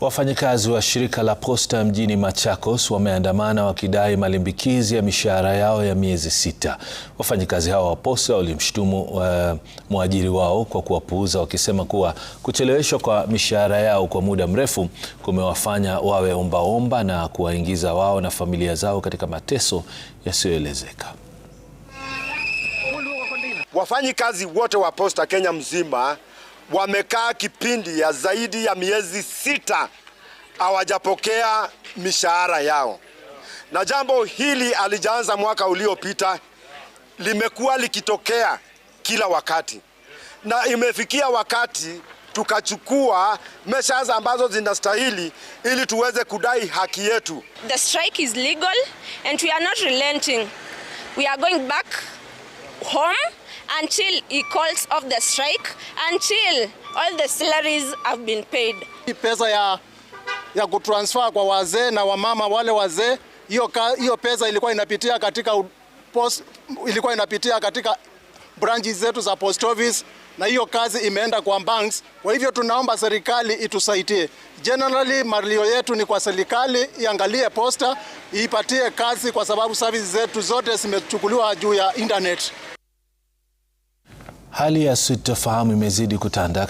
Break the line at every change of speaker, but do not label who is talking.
Wafanyakazi wa shirika la posta mjini Machakos wameandamana wakidai malimbikizi ya mishahara yao ya miezi sita. Wafanyakazi hao wa posta walimshutumu uh, mwajiri wao kwa kuwapuuza, wakisema kuwa kucheleweshwa kwa mishahara yao kwa muda mrefu kumewafanya wawe ombaomba na kuwaingiza wao na familia zao katika mateso yasiyoelezeka.
Wafanyikazi wote wa posta Kenya mzima wamekaa kipindi ya zaidi ya miezi sita hawajapokea mishahara yao, na jambo hili alijaanza mwaka uliopita, limekuwa likitokea kila wakati, na imefikia wakati tukachukua measures ambazo zinastahili ili tuweze kudai haki yetu.
The strike is legal and we are not relenting. We are going back home until he calls off the strike, until all the salaries have been paid.
Pesa ya, ya kutransfer kwa wazee na wamama wale wazee, hiyo pesa ilikuwa inapitia katika post, ilikuwa inapitia katika branches zetu za post office na hiyo kazi imeenda kwa banks. Kwa hivyo tunaomba serikali itusaidie. Generally, malio yetu ni kwa serikali iangalie posta, iipatie kazi, kwa sababu services zetu zote zimechukuliwa juu ya internet. Hali ya sitofahamu imezidi kutanda